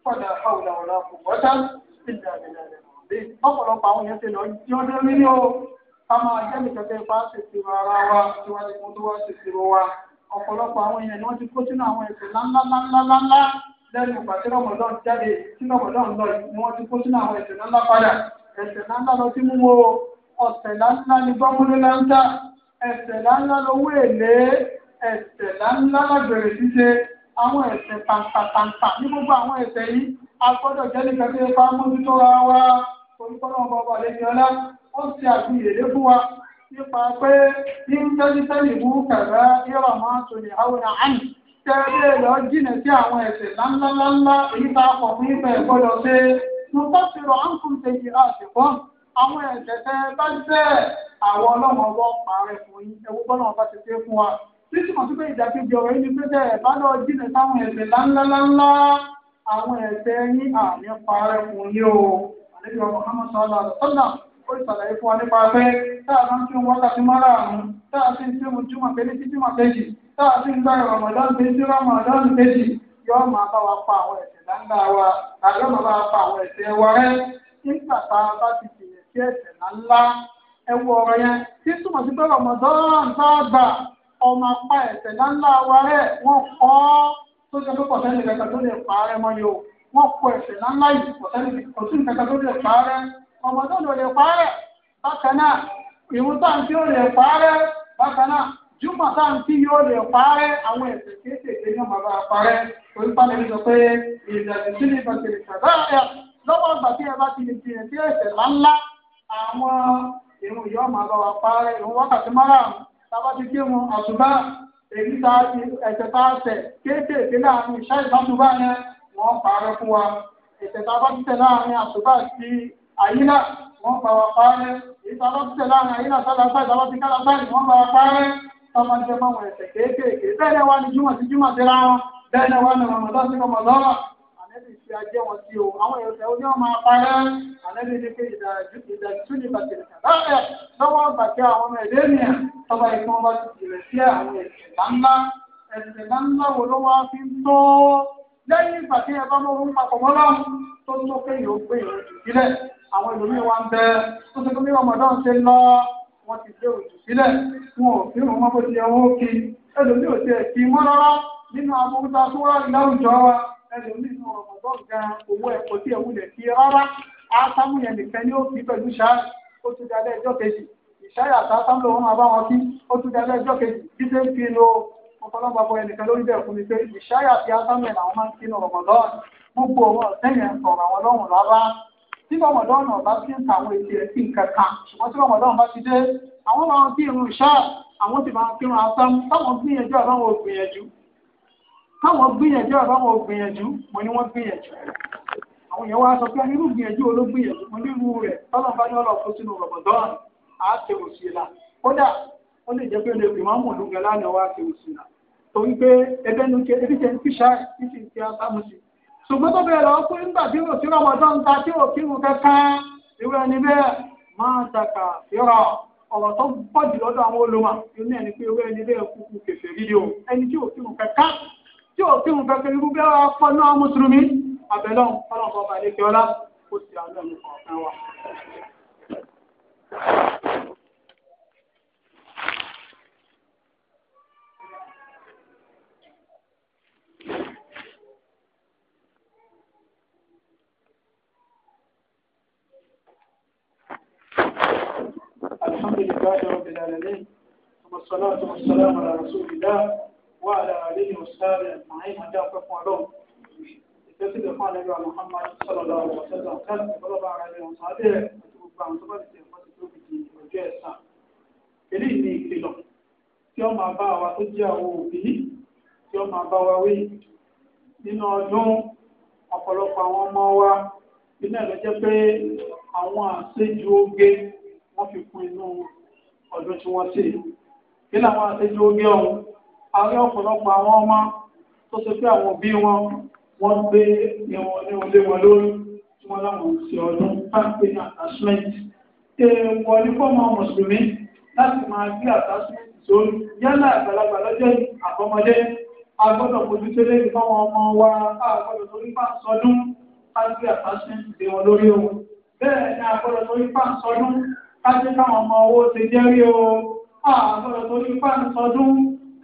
ولا حول ولا قوة ọ̀pọ̀lọpọ̀ àwọn yẹn lọ tí ó dé nínú o a máa jẹ́ nìkẹ́kẹ́ ipa ṣèṣì ara wa tí wọ́n ti mú tó wá ṣèṣì ro wa ọ̀pọ̀lọpọ̀ àwọn yẹn ni wọ́n ti kó sínú àwọn ẹ̀sìn ńláńláńláńlá lẹ́nu ìgbà tí rọ̀mọ̀dọ́n jáde tí rọ̀mọ̀dọ́n lọ ni wọ́n ti kó sínú àwọn ẹ̀sìn ńláńlá padà ẹ̀sìn ńláńlá lọ sí mú o ọ̀sẹ̀ ńláńlá ni gbọ́múlé láńtà ẹ̀sẹ̀ ńláńlá lówó èlé ẹ̀sẹ̀ ńláńlá lágbèrè ṣíṣe àwọn ẹ̀ṣẹ̀ pàǹpàpàǹpà ní gbogbo àwọn ẹ̀ṣẹ̀ yìí agbọ́dọ̀ jẹ́ nígbà tí ẹ bá mójútó ra wa olùkọ́nà bàbá lẹ́yìn ọlá ó ṣe àfihàn fún wa nípa pé bí ń tẹ́lí tẹ́lí mú kẹ̀rẹ́ yọ̀rọ̀ máa ń tòlè àwòrán àmì tẹ́lẹ̀ lọ jìnà sí àwọn ẹ̀ṣẹ̀ ńláńláńlá èyí tá a kọ̀ fún ibẹ̀ gbọ́dọ̀ ṣe mo bá ti rọ àǹkùn tẹ̀yìn àṣìkọ́ àwọn ẹ̀ṣẹ̀ tẹ́ bá jẹ́ àwọn ọlọ́run ọwọ́ pààrẹ fún yín ẹ̀wọ́ gbọ́dọ̀ bá ti ṣe fún wa títí mọ̀ sí pé ìdàkejì ọ̀rọ̀ yìí ni pé bẹ́ẹ̀ bá lọ jìnnà sáwọn ẹ̀ṣẹ̀ ńláńláńlá àwọn ẹ̀ṣẹ̀ yín àmì parẹ́ fún yín o àlejò ọmọ hàmà sọ́lá àlọ́sọ́là ó ìsàlàyé fún wa nípa pé táà máa ń tún wákàtí márààrún táà sì ń tún júmọ̀ pé ní títí mọ̀ kejì táà sì ń gbá ìrọ̀mọ̀dán pé ní rọ̀mọ̀dán kejì yóò máa bá wa pa àwọn ẹ̀ṣẹ̀ láńlá wa àbí ọmọ bá wa pa àwọn ẹ̀ṣẹ̀ wa rẹ́ nígbà tá a bá ti jìnnà sí ẹ̀ṣẹ̀ láńlá ẹ wọ ọ̀rọ̀ yẹn tí túmọ̀ sí pé rọ̀mọ̀dán tá a gbà ọmọ apá ẹ̀sẹ̀ láńlá wa rẹ̀ wọ́n kọ́ ọ́ tó jẹ́ pé pọ̀sẹ́nì kẹta tó lè pa rẹ̀ mọ́ yóò wọ́n kọ ẹ̀sẹ̀ láńlá yìí pọ̀sẹ́nì kọ̀sìn kẹta tó lè pa rẹ̀ ọmọ tó lè pa rẹ̀ bákan náà ìwú táǹtí ó lè pa rẹ̀ bákan náà jùmọ̀ táǹtí yóò lè pa rẹ̀ àwọn ẹ̀sẹ̀ kéékèèké ní bàbá pa rẹ̀ orí pálẹ̀ mi sọ pé ìrìnàjò sí ní ìgbà tí tàbá ti kí mu àṣùbá èyí tá ẹ̀sẹ̀ tá a tẹ̀ kéékèèké láàrin ìṣá ìbátúbá yẹn wọ́n parẹ́ fún wa ẹ̀sẹ̀ tá a bá ti tẹ̀ láàrin àṣùbá sí àyílà wọ́n pa wa parẹ́ èyí tá a bá ti tẹ̀ láàrin àyílà sálàfáì tàbá ti kálàfáì wọ́n pa wa parẹ́ tọ́mọ jẹ́ mọ́wọ́ ẹ̀sẹ̀ kéékèèké bẹ́ẹ̀ ni wá ní júmọ̀ sí júmọ̀ sí ra wọn bẹ́ẹ̀ ni wá ní rọmọdọ́ fi ajẹ́ wọn sí o àwọn ẹ̀sẹ̀ oní ọmọ apárá àlẹ́bí ní pé ìdájú ní bàtì ìtàláfẹ́ lọ́wọ́ bàtì àwọn ọmọ ẹ̀dẹ́ ènìyàn tọ́ba ìfún ọba ti jìnà sí àwọn ẹ̀sẹ̀ ńláńlá ẹ̀sẹ̀ wo ló wá fi ń tó lẹ́yìn ìgbà tí ẹ bá mọ́ orúkọ àpọ̀mọ́ lọ́n tó tó pé yóò gbé ìròyìn sílẹ̀ àwọn ìlòmíì wa ń bẹ tó tó gbé ọmọdán ṣe lọ wọn ti gbé òjò sílẹ̀ wọn ò fi rùn wọn bó ti yẹ kí ẹlòmíì ò tiẹ̀ kí wọn rárá nínú àbúrúta tó wà láwùjọ wa ẹlòmíì nù ọ̀rọ̀ gan owó ẹ̀kọ́ tí ẹ̀wù lẹ̀ fi rárá ásámù yẹn nìkan ni ó fi pẹ̀lú ṣáà ó tún dalẹ̀ ẹjọ́ kejì ìṣáyà àtàsámù lòun máa bá wọn kí ó tún dalẹ̀ ẹjọ́ kejì títí fi lo ọ̀pọ̀lọpọ̀ àbọ̀ ẹnìkan lórí bẹ́ẹ̀ fún mi pé ìṣáyà àti ásámù yẹn làwọn máa ń kí nù Ramadan gbogbo wọn ọ̀sẹ̀ yẹn àwọn lọ́rùn rárá tí rọmọdọ́nù ọba ti ń tàwọn etí rẹ̀ sí ṣùgbọ́n tí rọmọdọ́nù bá ti dé àwọn máa ń kí irun ṣáà àwọn sì máa ń kírun asán táwọn gbìyànjú àbáwọn ògbìyànjú káwọn gbìyànjú àbáwọn gbìyànjú mo ní wọ́n gbìyànjú àwọn èèyàn wá sọ pé irú gbìyànjú olóògbìyànjú mo nírú rẹ̀ tọ́lọ́ bá ní ọlọ́ọ̀kú sínú rọ̀mọ̀dọ́ọ̀nù á ṣe òṣìlá kódà ó lè jẹ́ pé lè pè mọ̀ ń mọ̀ lánàá wá torí pé ẹgbẹ́ ebi fíṣà tí ò tí ń gbẹgbẹ irú bẹ́ẹ̀ wá fọ́ náà mùsùlùmí àbẹ̀lọ́ ọlọ́pàá ọba ilé kíọ́lá ó sì àlọ́ mi kọ̀ọ̀kan wa. الحمد لله رب العالمين والصلاة والسلام على رسول الله wà láàrin ní ọ̀sẹ̀rẹ̀ àyìn ọjà ọpẹ́ fún ọlọ́run ìfẹ́sílẹ̀ fún àlejò Muhammad sallallahu alaihi wasallam kẹ́lẹ́ ìfọlọ́ba ara rẹ̀ ọ̀sán abẹ́ rẹ̀ àti gbogbo àwọn tó bá ti tẹ̀ fọ́ ti tóbi di ọjọ́ ẹ̀san eléyìí ni ìkìlọ̀ tí ó máa bá wa tó jẹ́ àwọn òbí tí ó máa bá wa wí nínú ọdún ọ̀pọ̀lọpọ̀ àwọn ọmọ wa nínú ẹ̀ ló jẹ́ pé àwọn àṣejù oge wọ́n fi kún inú ọdún tí wọ́n ṣe kí làwọn àṣejù oge ọ̀hún àárín ọ̀pọ̀lọpọ̀ àwọn ọmọ tó ṣe pé àwọn òbí wọn wọ́n gbé ìwọ̀n ní olé wọn lórí tí wọ́n láwọn ṣe ọdún pàǹpé ní attachment. èèwọ̀ ní fọ́ọ̀mù mùsùlùmí láti máa gbé attachment sórí yálà àgbàlagbà lọ́jọ́ àbọ̀mọdé agbọ́dọ̀ mójútó lẹ́yìn fáwọn ọmọ wa agbọ́dọ̀ torí bá sọdún kájú attachment lé lórí o bẹ́ẹ̀ ni agbọ́dọ̀ torí bá sọdún kájú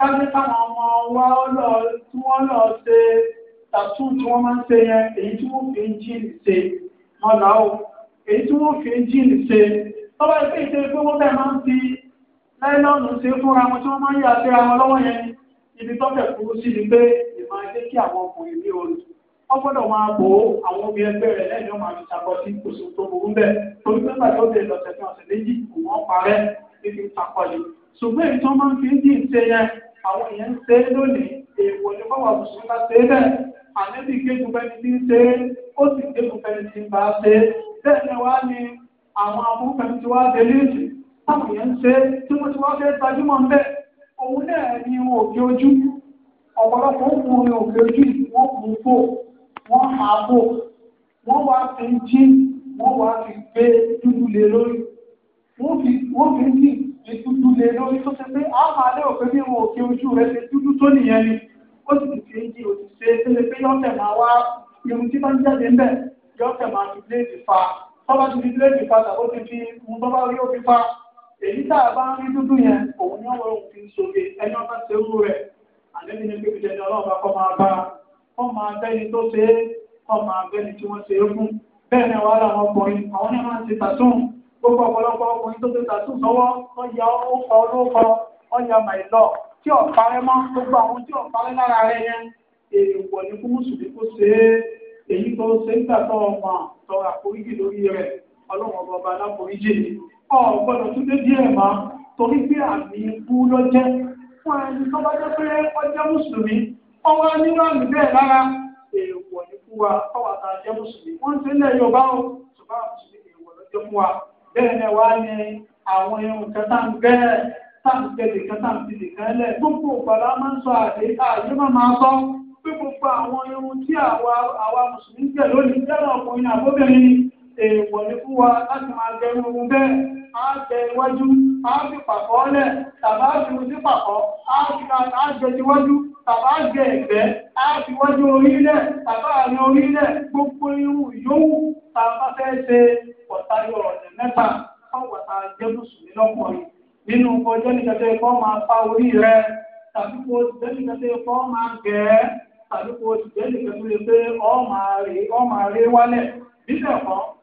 kájí káwọn ọmọ wa lọ tí wọ́n lọ ṣe tàtún tí wọ́n máa ń ṣe yẹn èyí tí wọ́n fi jíìnì ṣe wọn là ó èyí tí wọ́n fi jíìnì ṣe tọ́ba ìpè ìṣe pé wọ́n fẹ́ máa ń fi láìlọ́ọ̀nù ṣe fúnra wọn tí wọ́n máa ń yà sí ara wọn lọ́wọ́ yẹn ibi tọ́fẹ̀ kúrú sí ni pé ìmọ̀ ilé kí àwọn ọkùnrin ní orí wọ́n gbọ́dọ̀ máa bò ó àwọn obì ẹgbẹ́ rẹ̀ lẹ́yìn ọmọ àti ìṣàkọsí oṣù tó burú bẹ́ẹ̀ torí pé pàtó bẹ́ẹ̀ lọ́sẹ̀ tí wọ́n méjì kò wọ́n parẹ́ níbi ìtakọ̀lẹ̀ ṣùgbọ́n èyí tó máa ń fi ń dín ṣe yẹn àwọn èèyàn ń ṣe é lónìí èèwọ̀ ni báwa mùsùlùmí bá ṣe é bẹ́ẹ̀ ànẹ́bí gégùn fẹ́ni tí ń ṣe é ó sì gégùn fẹ́ni tí ń bá ṣe é bẹ́ẹ̀ ni wá ní àwọn amúfẹ́ni tí wàá délé ìsì táwọn èèyàn ń ṣe é tí wọ́n ti wá fẹ́ gbajúmọ̀ ń bẹ́ẹ̀ òun náà ni wọn ò fi ojú ọ̀pọ̀lọpọ̀ ń fún orin òkè ojú wọ́n mú bò wọ́n hà bò wọ́n wá fi jí wọ́n wá fi gbé dúdú lé lórí wọ́n fi ń dì ní dúdú lé lórí tó ṣe pé a máa lérò pé bí wọn òkè ojú rẹ ṣe dúdú tó nìyẹn ni ó sì ti ṣe ìdí òtún ṣe tẹ́lẹ̀ pé yọ̀ọ̀tẹ̀ máa wá irun tí bá ń jáde ń bẹ̀ yọ̀ọ̀tẹ̀ máa fi bléèdì fa tọ́ba ti fi bléèdì fa tàbó ti fi mú tọ́ba rí òfin fa èyí tá a bá ń rí dúdú yẹn òun ni ọ̀rọ̀ òfin sókè ẹni ọba ṣe wú rẹ̀ àlẹ́bí ni pípẹ́ jẹjẹ ọlọ́ọ̀bá kọ́ máa bá kọ́ máa bẹ́ni tó ṣe é kọ́ máa gbogbo ọ̀pọ̀lọpọ̀ ọkùnrin tó tẹ́ta tún sọ́wọ́ ọya ọkọ̀ olóko ọya màìlọ tí ọ̀parẹ́ mọ́ gbogbo àwọn tí ọ̀parẹ́ lára rẹ yẹn èèwọ̀ ní kú mùsùlùmí kó ṣe é èyí tó ṣe ń gbà tọ́ ọmọ tọrọ àforíjì lórí rẹ̀ ọlọ́run ọba aláforíjì ọ gbọ́dọ̀ tún dé díẹ̀ mọ́ torí pé àmì ikú ló fún ẹni tó bá jẹ́ pé ọjọ́ mùsùlùmí ọwọ́ bẹ́ẹ̀ ni wàá ní àwọn irun kan tá à ń bẹ́ẹ̀ tá à ń tẹ̀lé kan tá à ń tẹ̀lé kan lẹ̀ gbogbo ìgbàlá máa ń sọ àdé àyè má máa sọ pé gbogbo àwọn irun tí àwa mùsùlùmí jẹ́ lónìí jẹ́ ọkùnrin àbóbìnrin èèwọ̀ ní fún wa láti máa jẹ irú ohun bẹ́ẹ̀ jẹ iwájú á fi pàkọ́ lẹ̀ tàbá fi sí pàkọ́ á jẹ iwájú tàbá jẹ ẹ̀gbẹ́ á fi wájú orílẹ̀ tàbá àárín orílẹ̀ gbogbo irú yòówù tàbá fẹ́ ṣe ọ̀tayọ̀ ọ̀rẹ̀ mẹ́ta fáwọn àjẹ́ mùsùlùmí nínú ọjọ́ nígbàtẹ́ ẹ̀kọ́ máa orí tàbí kò jẹ́ ẹ̀kọ́ máa gẹ̀ẹ́ tàbí kò nílẹ̀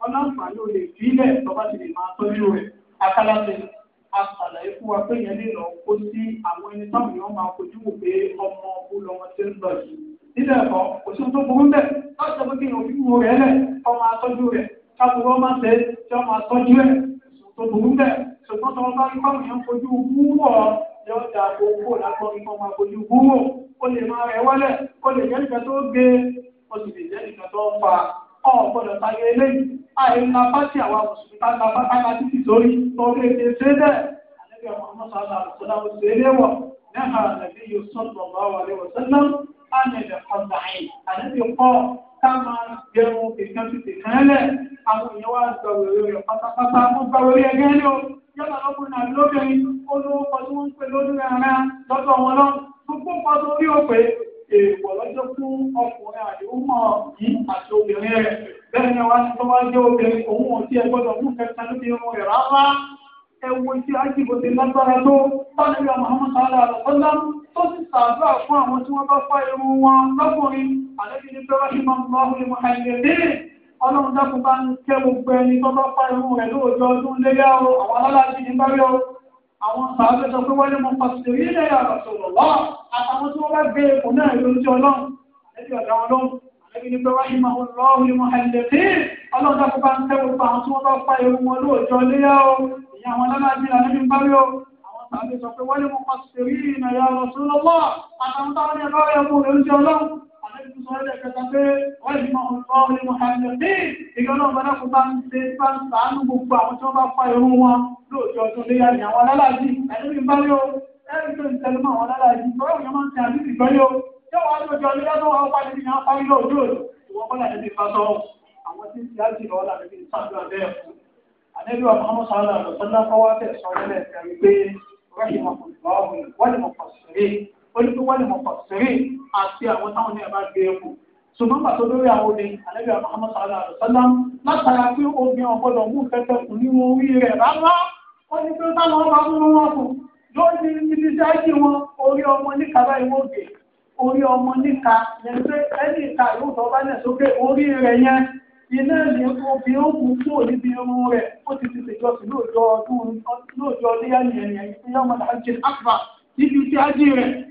ọlọ́pàá ló lè fílẹ̀ lọ́ba ti lè máa tọ́jú rẹ̀ akálàṣe àṣàlàyé fún wa pé yẹn lè lọ kó sí àwọn ẹni táwọn èèyàn máa fojú wò pé ọmọ ọkú lọmọ ti ń lọ yìí nílẹ̀ kò sí ohun tó burú bẹ́ẹ̀ pé kí èèyàn fífún rẹ̀ lẹ̀ kọ́ máa tọ́jú rẹ̀ káàkiri ọmọ tẹ tí wọ́n máa tọ́jú ẹ̀ tó burú bẹ́ẹ̀ ṣùgbọ́n tí bá rí èèyàn fojú wúwọ̀ yóò da owó lápọ̀ nípa máa fojú wúwọ̀ ó lè máa rẹ̀ wọ́lẹ̀ ó lè jẹ́ nìkan tó gbé ó sì lè jẹ́ nìkan tó fa ọ̀gbọ́dọ̀ tayọ eléyìí àìlera pátì àwọn mùsùlùmí káka pátákà títí sórí lórí èdè ṣe bẹ́ẹ̀ àlẹ́bí ọmọ ọmọ sábà àlùsọ́lá ó ṣe eré wọ̀ mẹ́ta àlẹ́bí yóò sọ̀tọ̀ bá wà lẹ́wọ̀ sẹ́lá àwọn èèyàn èèwọ̀ lọ́jọ́ fún ọkùnrin àdéhùnmọ̀ yìí àti obìnrin rẹ̀ bẹ́ẹ̀ ni wá sí tọ́wá jẹ́ obìnrin òun ò tí ẹ gbọ́dọ̀ mú kẹta lóbi irun rẹ̀ rárá ẹ wo tí ájìbò ti lágbára tó fáwọn ìyá Muhammad sallallahu alaihi wasallam tó sì sàdúrà fún àwọn tí wọ́n bá fá irun wọn lọ́kùnrin àlejò ní bẹ́ẹ̀ wáṣí máa ń lọ ọ̀hún ìmọ̀ àìyedé ọlọ́run dákun bá ń kẹ́ gbogbo ẹni tó bá fá irun rẹ̀ lóòjọ́ ọdún lélẹ́ àwọn àwọn sàábẹ́ sọ pé wọ́n mú pàṣírí ilẹ̀ yàrá sọ̀rọ̀ lọ́ àtàwọn tí wọ́n bá gbé epo náà ló ń tí ọlọ́run ẹbí ọ̀dà ọlọ́run àlẹ́bí ní pé wáyé máa ń lọ orí mọ ẹ̀lẹ́dẹ́ ọlọ́run tó bá ń tẹ́wọ́ pa àwọn tí wọ́n bá pa ewu wọn lóòjọ́ léyà o ìyá sọ pé wọ́n mú pàṣírí ilẹ̀ yàrá sọ̀rọ̀ lọ́ lóòjọ́ tó léyà ní àwọn alálàájì ẹ̀lẹ́bí bá yóò ẹ̀rí tó ń tẹlẹ́mọ̀ àwọn alálàájì tọ́rọ̀ yẹn máa ń tẹ àbíbì gbọ́ yóò yóò wá lóòjọ́ léyà tó wà ó parí ní apá ilé òjò ìwọ̀n kọ́lá ẹ̀lẹ́bí bá tọ́ àwọn tí ń ti ájì lọ́wọ́ làbẹ́bí ń sàdúrà bẹ́ẹ̀ fún àdébí wa mọ́mọ́ sọ́lá lọ́sọ́lá kọ́wá bẹ̀ sọ́lá lẹ́ẹ̀kẹ́ wípé rọ́ṣì olùkúwọ́lì mọ̀kànsírí àti àwọn táwọn ní ẹ̀bá gbé ẹ̀kú ṣùgbọ́n pàtó lórí àwọn obìnrin àlẹ́bíà Muhammad sallallahu alaihi wasallam látara pé obìnrin ọ̀gbọ́dọ̀ mú kẹfẹ́ kù ní orí rẹ̀ rárá ó ní pé táwọn ọba mú wọn kù yóò ní ibi tí a jí wọn orí ọmọ níka báyìí wọ́n gè orí ọmọ níka yẹn pé ẹni ìka yóò tọ́ bá nẹ̀ sókè orí rẹ̀ yẹn iná ni obìnrin ó kú kúrò níbi irun rẹ̀ ó ti ti ṣèjọsìn lóòjọ́ ọdún lóòjọ́ ọdún yá nìyẹn yẹn ìpínlẹ̀ ọmọdé ajé akpa níbi tí a jí rẹ̀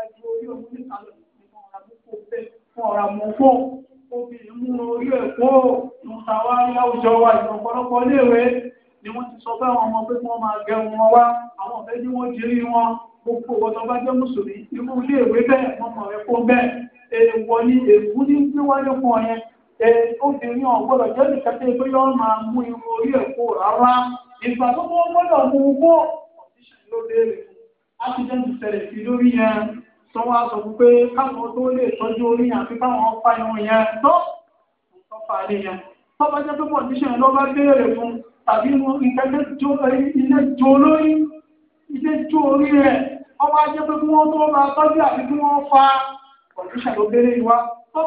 bá ni wọ́n ti sọ pé àwọn ọmọ pé wọ́n máa gẹrun wọn wá àwọn ọ̀fẹ́ ni wọ́n jírí wọn gbogbo ọ̀tọ̀ bá jẹ́ mùsùlùmí irú iléèwé bẹ́ẹ̀ wọ́n mọ̀ ẹ̀kọ́ bẹ́ẹ̀ èèwọ̀ ni èèwú ní gbé fún ọ obìnrin ọ̀gbọ́dọ̀ jẹ́ nìkan tẹ́ pé yọ́n máa mú irun orí ẹ̀kọ́ rárá ìgbà tó wọ́n gbọ́dọ̀ mú owó ọ̀tíṣẹ́ ló léèrè fún tó wá sọ fún pé káwọn tó lè tọ́jú orí àfi káwọn pa irun yẹn tó tó fà á lé yẹn tó bá jẹ́ pé pọ̀tíṣàn ló bá béèrè fún tàbí ìkẹ́kẹ́ ilé jó lórí ilé jó orí rẹ̀ wọ́n wá jẹ́ pé kí wọ́n tó máa tọ́jú àfi kí wọ́n fa pọ̀tíṣàn ló béèrè wá tó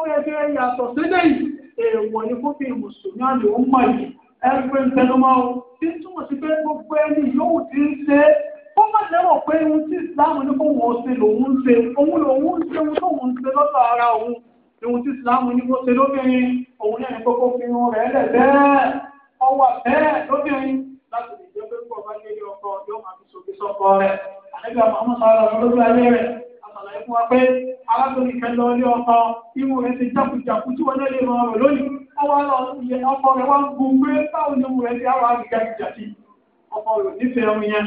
ni ó má lérò pé ohun tí ìsìláàmù ní kó wọ́n ṣe lòun ń ṣe òun lòun ń ṣe ohun tó wọ́n ń ṣe lọ́dọ̀ ara òun ohun tí ìsìláàmù ní kó ṣe lóbìnrin òun náà ní kókó fi irun rẹ̀ lẹ̀ bẹ́ẹ̀ ọwọ́ bẹ́ẹ̀ lóbìnrin láti lè jẹ́ pé pọ̀ bá ṣe yọ ọkọ yóò máa fi sòkè sọ́kọ rẹ̀ àlejò àmọ́ sọ̀rọ̀ ọ̀rọ̀ lójú ayé rẹ̀ àtàlàyé fún wa pé arábìnrin kan lọ ilé ọkọ irun rẹ̀ ti jákujàku tí wọn lè máa rọ̀ lónìí ọwọ́ lọ yẹ ọkọ rẹ̀ wá ń gun pé báwo ni irun rẹ̀ ti àwọn àgbẹ̀gà ìjà sí ọkọ rẹ̀ nífẹ̀ẹ́ ọmọ yẹn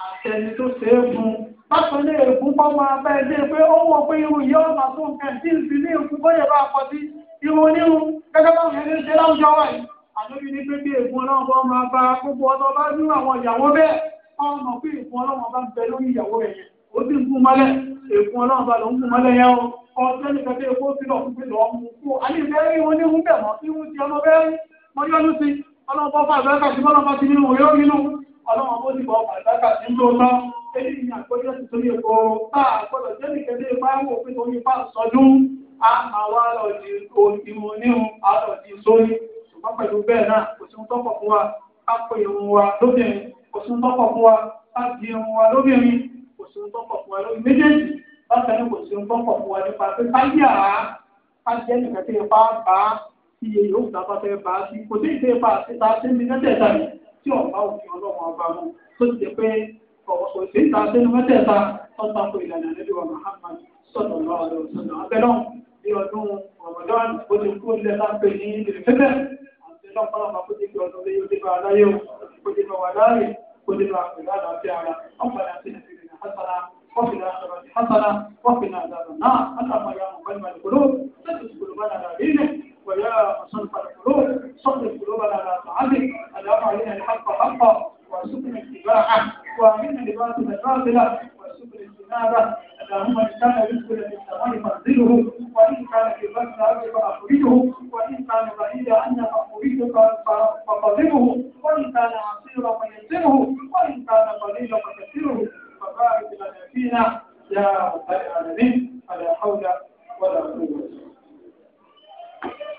àtẹni tó ṣe é fún bákan ní èkú kọ́ máa bá ẹgbẹ́ pé ó wọ pé irú yìí ọ̀nà fún nǹkan tí ìsìn ní èkú bóyá bá pọ̀ sí irú onírun gẹ́gẹ́ báwọn ẹni ṣe láwùjọ wà yìí àdóbi ní pé bí èkú ọlọ́run bá máa bá gbogbo ọ̀dọ́ bá ní àwọn ìyàwó bẹ́ẹ̀ ọmọ pé èkú ọlọ́run bá ń bẹ lórí ìyàwó rẹ̀ yẹn ó sì ń gún mọ́lẹ̀ èkú ọlọ́run bá lọ ń gún mọ́lẹ̀ yẹn o ọ̀sẹ́ni kẹfẹ́ epo ti lọ fún pẹ̀lú ọmọ òkú alẹ́fẹ́ rí wọn ní oúnjẹ mọ́ tí wọ́n ti ọmọ bẹ́ẹ̀ mọ́ yọ́nú sí ọlọ́pọ̀ fún àgbẹ̀ká sí bọ́lọ́pọ̀ sí nínú òyọ́ nínú ọlọ́run bó ti bọ̀ pàtàkì àti ń lóòótọ́ eléyìí ni àgbọ́jọ́ ti torí èkó tá a gbọ́dọ̀ jẹ́bi kẹ́lẹ́ ipá wò pé torí ipá sọdún a máa wá lọ di ìmọ̀ oníhun a lọ di sórí ṣùgbọ́n pẹ̀lú bẹ́ẹ̀ náà kò sí ń tọ́pọ̀ fún wa ká pè irun wa lóbìnrin kò sí ń tọ́pọ̀ fún wa ká di irun wa lóbìnrin kò sí ń tọ́pọ̀ fún wa lórí méjèèjì bákan náà kò sí ń tọ́pọ̀ fún wa nípa pé ká yà á ká jẹ́ nìkan tí ipa bá iye yòówù tá a bá fẹ́ bá a sí kò sí ìdí ipa àti ta sí ní tí ọ̀pá òfin ọlọ́run ọba mú tó ti jẹ pé ọ̀pọ̀ ìṣèǹta sínú mẹ́tẹ̀ẹ̀ta tó ń tako ìlànà níbi wa Muhammad sọ̀tọ̀ lọ́wọ́ lọ́wọ́ sọ̀tọ̀ abẹ́lọ́ bí ọdún ọ̀rọ̀dọ́n ó ti kú ilẹ̀ láńpẹ́ ní ìrìnfẹ́fẹ́ àti lọ́pọ̀lọpọ̀ kó ti fi ọdún lé yóò dé bá aláyé o kó ti bá wà láàyè kó ti bá pẹ̀lú àlàáfíà ara ọ̀pọ̀ àti ìrìnà hasana وقنا ويا مصرف القلوب صل قلوبنا على طاعتك اللهم علينا الحق حقا وسكن اتباعه وأمن لباطل الباطل وسكن اجتنابه اللهم ان كان في السماء منزله وان كان في بطن الارض فاخرجه وان كان بعيدا عنا فاخرجه فقربه وان كان عصيرا فيسره وان كان قليلا فكثره فبارك لنا فينا يا رب العالمين فلا حول ولا قوه Thank you.